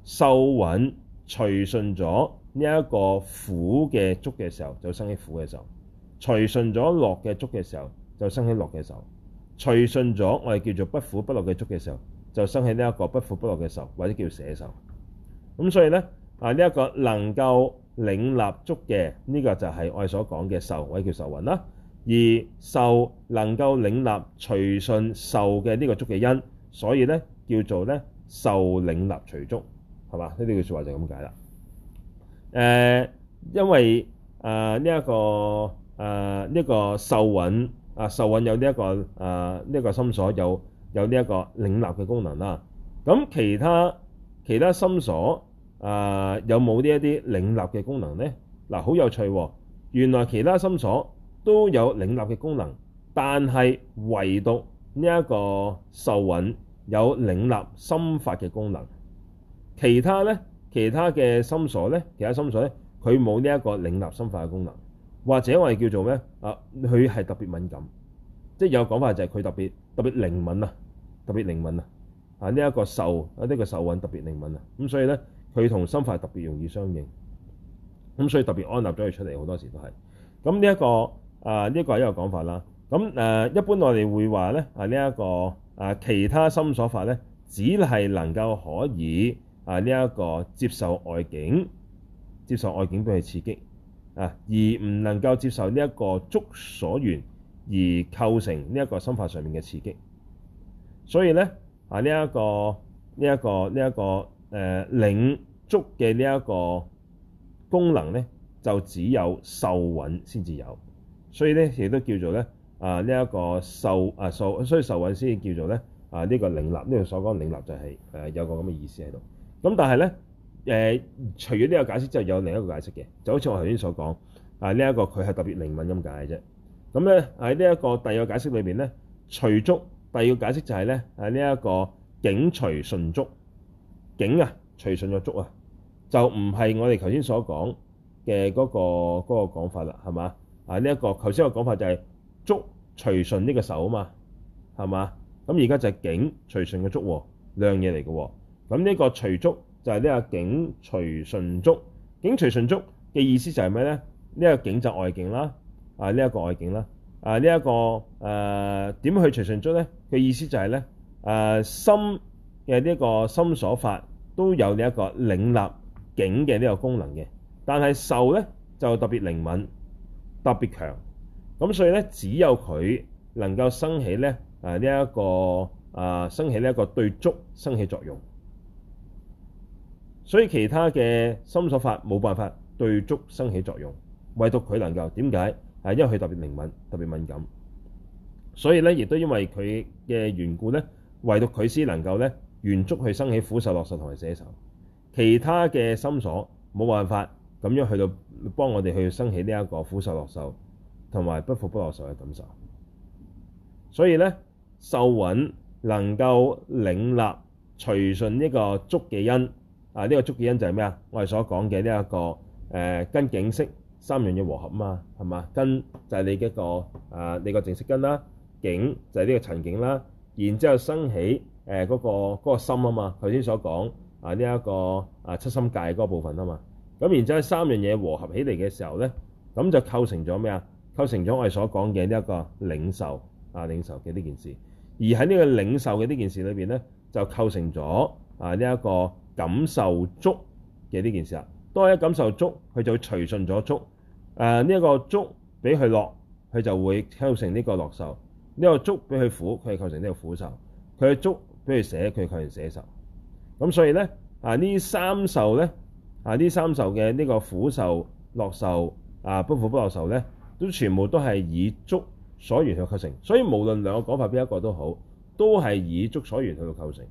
受蘊隨順咗。呢、這、一個苦嘅觸嘅時候，就生起苦嘅受；隨順咗樂嘅觸嘅時候，的的時候就生起樂嘅受；隨順咗我哋叫做不苦不樂嘅觸嘅時候，就生起呢一個不苦不樂嘅受，或者叫捨受。咁所以咧，啊呢一個能夠領納觸嘅呢、這個就係我哋所講嘅受，或者叫受蘊啦。而受能夠領納隨順受嘅呢個觸嘅因，所以咧叫做咧受領納隨觸，係嘛？呢啲句説話就咁解啦。誒，因為誒呢一個誒呢個受蘊啊，受蘊有呢一個誒呢一個心所有有呢一個領納嘅功能啦。咁其他其他心所啊，有冇呢一啲領納嘅功能咧？嗱，好有趣喎！原來其他心所都有領納嘅功能，但係唯獨呢一個受蘊有領納心法嘅功能，其他咧。其他嘅心所咧，其他心所咧，佢冇呢一個領納心法嘅功能，或者我哋叫做咩啊？佢係特別敏感，即係有講法就係佢特別特別靈敏啊，特別靈敏啊啊！呢一個受啊呢個受蘊特別靈敏啊，咁、這個這個啊、所以咧佢同心法特別容易相應，咁、啊、所以特別安立咗佢出嚟，好多時都係咁呢一個啊呢一個係一個講法啦。咁誒、啊、一般我哋會話咧啊呢一、這個啊其他心所法咧，只係能夠可以。啊！呢、這、一個接受外境，接受外境都佢刺激啊，而唔能夠接受呢一個觸所緣而構成呢一個心法上面嘅刺激。所以咧啊，呢、這、一個呢一、這個呢一、這個誒、呃、領觸嘅呢一個功能咧，就只有受蘊先至有。所以咧亦都叫做咧啊呢一、這個受啊受，所以受蘊先叫做咧啊呢、這個領納。呢度所講領納就係、是啊、有個咁嘅意思喺度。咁但係咧，誒、呃、除咗呢個解釋，之後有另一個解釋嘅，就好似我頭先所講，啊、這個、呢一個佢係特別靈敏咁解啫。咁咧喺呢一個第二個解釋裏面咧，隨觸第二個解釋就係咧，呢、啊、一、這個境隨順觸，境啊隨順咗觸啊，就唔係我哋頭先所講嘅嗰個嗰個講、那個、法啦，係、啊這個就是、嘛？啊呢一個頭先個講法就係觸隨順呢個受啊嘛，係嘛？咁而家就係境隨順嘅觸，兩樣嘢嚟嘅喎。咁呢個隨觸就係呢個境隨順觸。境隨順觸嘅意思就係咩呢？呢、這個個境就外境啦，啊呢一、這個外境啦，啊呢一、這個誒點、呃、去隨順觸呢？嘅意思就係、是、呢，誒、啊、心嘅呢個個心所法都有呢一個領納境嘅呢個功能嘅，但係受呢，就特別靈敏，特別強。咁所以呢，只有佢能夠生起呢一個誒生起呢、這、一、個啊、個對觸生起作用。所以其他嘅心所法冇辦法對觸生起作用，唯獨佢能夠，點解？係因為佢特別靈敏、特別敏感，所以呢，亦都因為佢嘅緣故呢，唯獨佢先能夠呢，緣觸去生起苦受、樂受同埋捨受。其他嘅心所冇辦法咁樣去到幫我哋去生起呢一個苦受、樂受同埋不苦不樂受嘅感受。所以呢，受蘊能夠領納隨順呢個觸嘅因。啊！呢、這個觸嘅因就係咩啊？我哋所講嘅呢一個誒、呃、根、境、識三樣嘢和合啊嘛，係嘛？根就係你嘅個誒、啊、你個淨色根啦，境就係呢個塵境啦，然之後生起誒嗰、呃那個嗰、那個、心啊嘛。頭先所講啊、呢、這、一個啊七心界嗰部分啊嘛。咁然之後三樣嘢和合起嚟嘅時候咧，咁就構成咗咩啊？構成咗我哋所講嘅呢一個領受啊，領受嘅呢件事。而喺呢個領受嘅呢件事裏面咧，就構成咗啊呢一個。感受觸嘅呢件事啊，當一感受觸，佢就會隨順咗觸。誒呢一個觸俾佢樂，佢就會構成呢個樂受；呢、呢個觸俾佢苦，佢構成呢個苦受；佢嘅觸俾佢捨，佢構成捨受。咁、嗯、所以咧啊，呢三呢三受咧啊，呢三受嘅呢個苦受、樂受啊，不苦不樂受咧，都全部都係以觸所緣去構成。所以無論兩個講法邊一個都好，都係以觸所緣去到構成。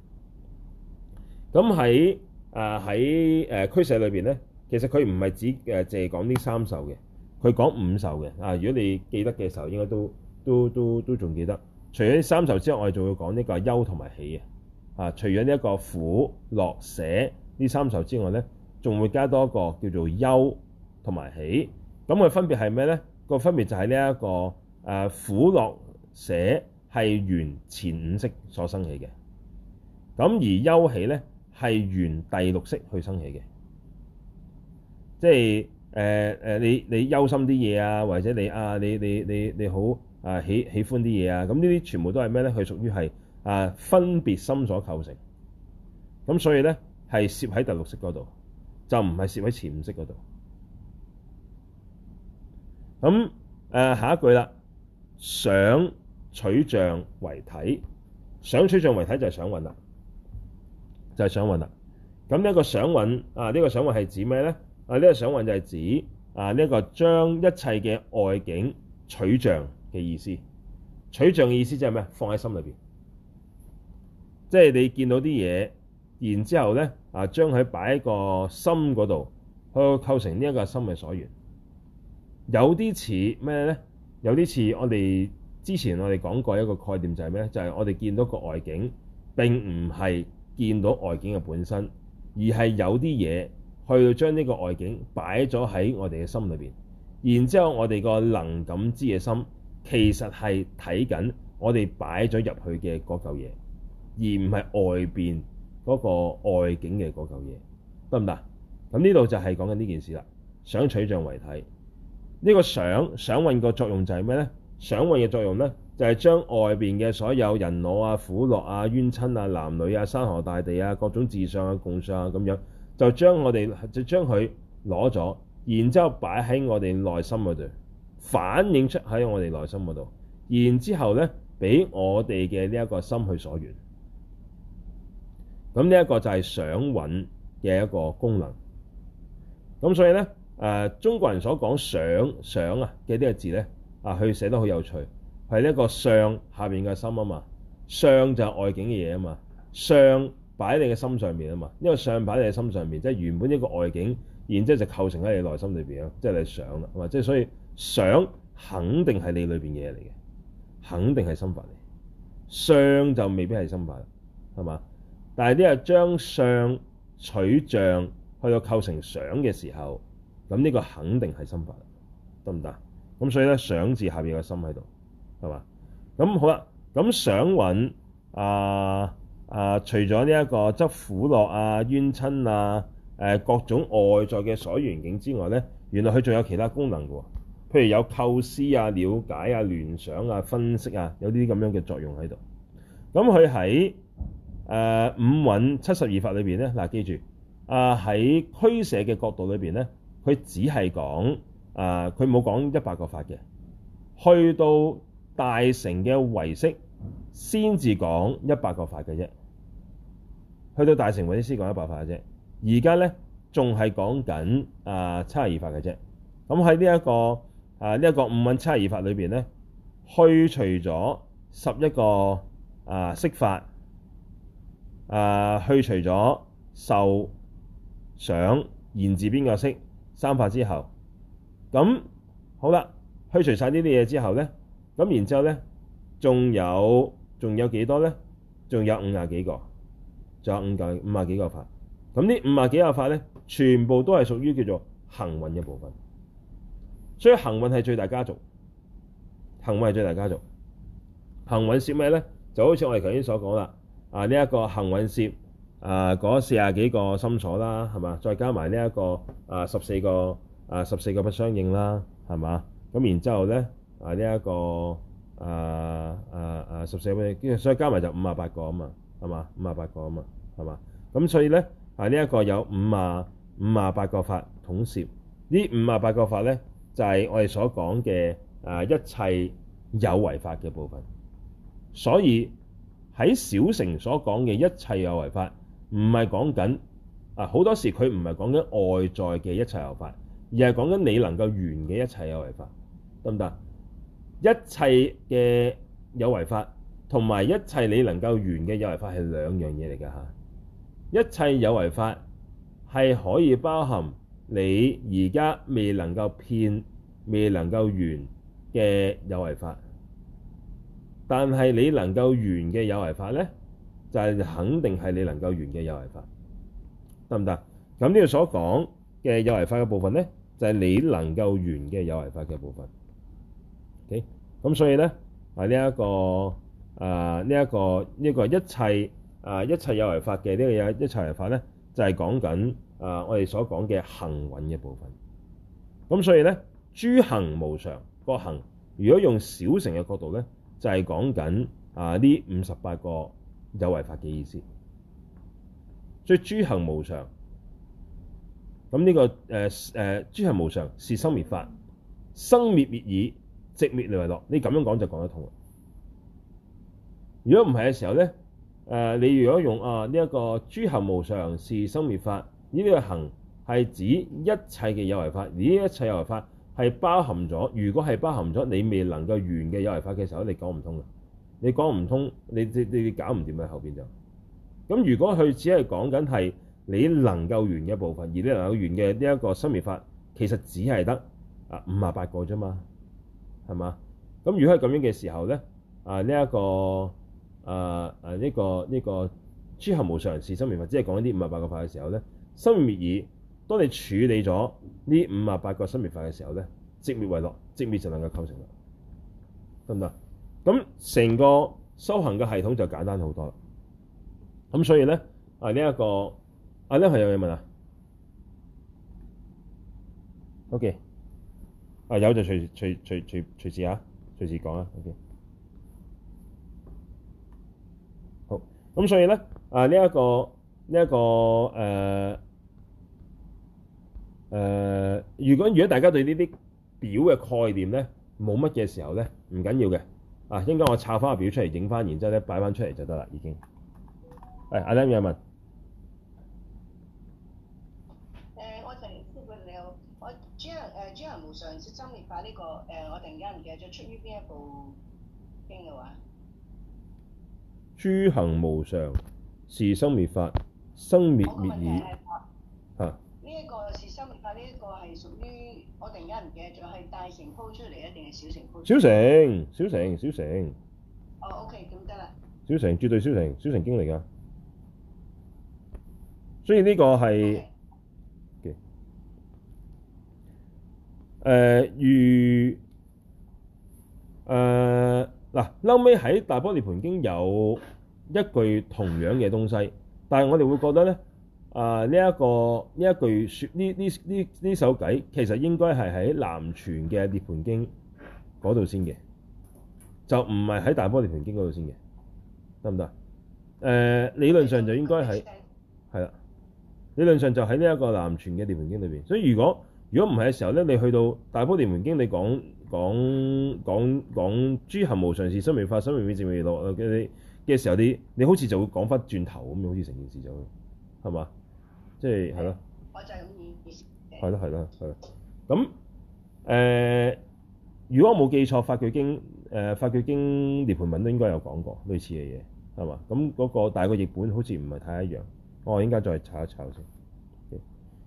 咁喺誒喺誒俱舍裏面咧，其實佢唔係只誒淨係講呢三受嘅，佢講五受嘅。啊，如果你記得嘅時候，應該都都都都仲記得。除咗呢三受之外，我哋仲會講呢個憂同埋喜啊，除咗呢一個苦樂捨呢三受之外咧，仲會加多一個叫做憂同埋喜。咁佢分別係咩咧？個分別就係呢一個誒苦樂捨係緣前五識所生起嘅。咁而憂喜咧？係原第六識去生起嘅，即係誒誒，你你憂心啲嘢啊，或者你，你，你，你啊，你你你你好啊喜喜歡啲嘢啊，咁呢啲全部都係咩咧？佢屬於係啊分別心所構成，咁所以咧係攝喺第六識嗰度，就唔係攝喺前識嗰度。咁誒、呃、下一句啦，想取像為體，想取像為體就係想蘊啦。就係想蘊啦。咁呢一個想蘊啊，呢個想蘊係指咩咧？啊，這個、呢、這個想蘊就係指啊，呢、這個將一切嘅外景取像嘅意思。取像嘅意思即係咩？放喺心裏邊，即、就、係、是、你見到啲嘢，然之後咧啊，將佢擺喺個心嗰度去構成呢一個心嘅所緣。有啲似咩咧？有啲似我哋之前我哋講過一個概念就係咩咧？就係、是、我哋見到個外景並唔係。見到外景嘅本身，而係有啲嘢去將呢個外景擺咗喺我哋嘅心裏邊，然之後我哋個能感知嘅心其實係睇緊我哋擺咗入去嘅嗰嚿嘢，而唔係外邊嗰個外景嘅嗰嚿嘢，得唔得？咁呢度就係講緊呢件事啦。想取像為體，呢個想想蘊嘅作用就係咩呢？想蘊嘅作用呢。就係、是、將外邊嘅所有人我啊、苦樂啊、冤親啊、男女啊、山河大地啊、各種自相啊、共相啊，咁樣就將我哋就將佢攞咗，然之後擺喺我哋內心嗰度，反映出喺我哋內心嗰度，然之後咧俾我哋嘅呢一個心去所緣。咁呢一個就係想蘊嘅一個功能。咁所以咧，誒、呃、中國人所講想想啊嘅呢、這個字咧啊，佢寫得好有趣。係一個相下邊嘅心啊嘛，相就係外景嘅嘢啊嘛，相擺喺你嘅心上面啊嘛。因為相擺喺你嘅心上面，即係原本一個外景，然之後就構成喺你內心裏邊咯，即係你想啦。咁啊，即係所以想肯定係你裏邊嘢嚟嘅，肯定係心法嚟。相就未必係心法，係嘛？但係呢個將相取象去到構成想嘅時候，咁呢個肯定係心法，得唔得？咁所以咧，想字下邊嘅心喺度。係嘛咁好啦。咁想蘊啊啊，除咗呢一個執苦樂啊、冤親啊、誒、呃、各種外在嘅所緣境之外咧，原來佢仲有其他功能嘅喎。譬如有構思啊、瞭解啊、聯想啊、分析啊，有啲咁樣嘅作用喺度。咁佢喺誒五蘊七十二法裏邊咧，嗱、呃、記住啊，喺俱舍嘅角度裏邊咧，佢只係講啊，佢冇講一百個法嘅去到。大乘嘅唯識先至講一百個法嘅啫，去到大乘唯識先講一百法嘅啫。呢，呃、而家咧仲係講緊啊七十二法嘅啫。咁喺呢一個啊，呢一個五蘊七十二法裏邊咧，去除咗十一個啊、呃、色法啊、呃、去除咗受想言字邊個識三法之後，咁好啦，去除晒呢啲嘢之後咧。咁然之後咧，仲有仲有幾多咧？仲有五十幾個，仲有五十五十幾個法。咁呢五十幾個法咧，全部都係屬於叫做行蘊嘅部分。所以行蘊係最大家族，行蘊係最大家族。行蘊攝咩咧？就好似我哋頭先所講啦。啊，呢一個行蘊攝啊嗰四十幾個心所啦，係嘛？再加埋呢一個啊十四個啊十四個不相應啦，係嘛？咁然之後咧。啊！呢一個啊啊啊十四個，跟住所以加埋就五十八個啊嘛，係嘛？五十八個啊嘛，係嘛？咁所以咧，啊呢一、這個有五十五十八個法統攝呢五十八個法咧，就係、是、我哋所講嘅啊一切有為法嘅部分。所以喺小乘所講嘅一切有為法，唔係講緊啊好多時佢唔係講緊外在嘅一,一切有為法，而係講緊你能夠完嘅一切有為法，得唔得？一切嘅有為法，同埋一切你能夠完嘅有為法係兩樣嘢嚟㗎嚇。一切有為法係可以包含你而家未能夠騙、未能夠完嘅有為法，但係你能夠完嘅有為法呢就係肯定係你能夠完嘅有為法，得唔得？咁呢度所講嘅有為法嘅部分呢就係你能夠完嘅有為法嘅部分。咁、okay? 所以咧，係呢一個啊，呢、呃、一、這個呢、這個一切啊、呃，一切有為法嘅呢、這個有一切為法咧，就係講緊啊，我哋所講嘅行蘊嘅部分。咁所以咧，諸行無常個行，如果用小乘嘅角度咧，就係講緊啊呢五十八個有為法嘅意思。所以諸行無常，咁呢、這個誒誒諸行無常是生滅法，生滅滅已。寂滅為樂，你咁樣講就講得通啦。如果唔係嘅時候咧，誒、呃，你如果用啊呢一個諸行無常是生滅法呢啲嘅行係指一切嘅有為法，而呢一切有為法係包含咗。如果係包含咗你未能夠完嘅有為法嘅時候，你講唔通嘅，你講唔通，你你你搞唔掂喺後邊就咁。如果佢只係講緊係你能夠完嘅一部分，而你能夠完嘅呢一個生滅法，其實只係得啊五啊八個啫嘛。係嘛？咁如果係咁樣嘅時候咧，啊呢一個啊啊呢個呢、這個諸行無常、是生滅法，即係講一啲五十八個法嘅時候咧，生滅已。當你處理咗呢五十八個生滅法嘅時候咧，寂滅為樂，寂滅就能夠構成啦，得唔得？咁成個修行嘅系統就簡單好多啦。咁所以咧、呃這個，啊呢一個啊呢個有嘢問啊？OK。啊！有就隨隨隨隨隨時嚇，隨時講、啊、啦、啊 OK。好嘅，好咁，所以咧啊，呢、這、一個呢一、這個誒誒、呃呃，如果如果大家對呢啲表嘅概念咧冇乜嘅時候咧，唔緊要嘅啊，應該我抄翻個表出嚟，影翻，然之後咧擺翻出嚟就得啦。已經係阿 Daniel 問。哎呢、這個誒、呃，我突然間唔記得咗，出於邊一部經嘅話？諸行無常，是生滅法，生滅滅已。啊，呢、啊、一、這個、個是生滅法，呢一個係屬於我突然間唔記得咗，係大乘鋪出嚟一定係小乘鋪？小乘，小乘，小乘。哦，OK，咁得啦？小乘絕對小乘，小乘經嚟噶。所以呢個係。Okay. 誒、呃、如誒嗱，臨尾喺《大般涅盤經》有一句同樣嘅東西，但我哋會覺得咧，啊呢一個呢一句説呢呢呢呢首偈其實應該係喺南傳嘅《涅盤經》嗰度先嘅，就唔係喺《大般涅盤經》嗰度先嘅，得唔得？誒、呃、理論上就應該喺，係、嗯、啦，理論上就喺呢一個南傳嘅《涅盤經》裏面，所以如果如果唔係嘅時候咧，你去到大般涅槃經，你講講講講諸行無常是生滅法，生滅滅寂未落啊嘅嘅時候，啲你好似就會講翻轉頭咁樣，好似成件事情是吧就係、係、嘛，即係係咯。我就係咁意，係咯係咯係咯。咁、呃、如果我冇記錯，《法句經》誒、呃，《法句經》涅槃文都應該有講過類似嘅嘢，係嘛？咁嗰個個係個譯本好似唔係太一樣。我應該再查一查先。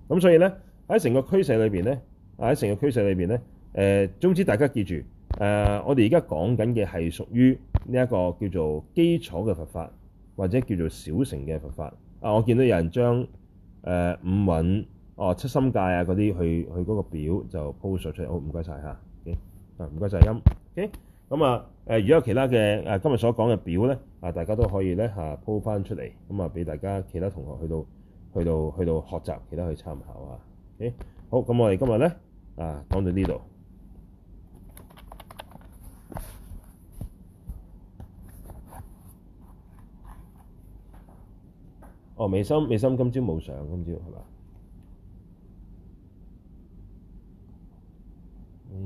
咁、okay? 所以咧。喺成個趨勢裏邊咧，喺成個趨勢裏邊咧，誒，總之大家記住，誒，我哋而家講緊嘅係屬於呢一個叫做基礎嘅佛法，或者叫做小乘嘅佛法。啊，我見到有人將誒五蘊、哦七心界啊嗰啲去去嗰個表就 po 出嚟，好唔該晒，嚇。Okay? 啊，唔該晒。音。O.K. 咁啊誒，如果有其他嘅誒今日所講嘅表咧，啊大家都可以咧嚇 po 翻出嚟，咁啊俾大家其他同學去到去到去到學習，其他去參考嚇。好，咁我哋今日咧啊，講到呢度。哦，美心，美心今朝冇上，今朝係咪？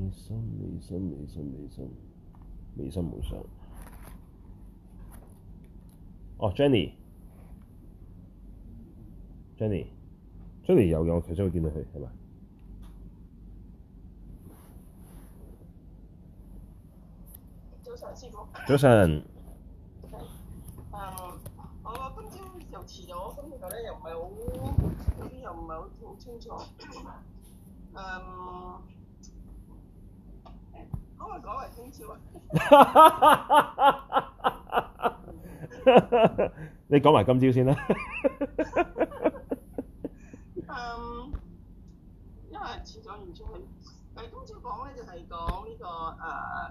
美心，美心，美心，美心，美心冇上。哦，Jenny，Jenny。出嚟又有，頭先我其實會見到佢係咪？早晨，師傅。早晨。誒，okay，um，我今朝又遲咗，跟住咧又唔係好，有啲又唔係好好清楚。嗯，可唔可以講埋今朝啊？ 你講埋今朝先啦。 嗯、um，因為始終唔出，誒今朝講咧就係講呢個誒。呃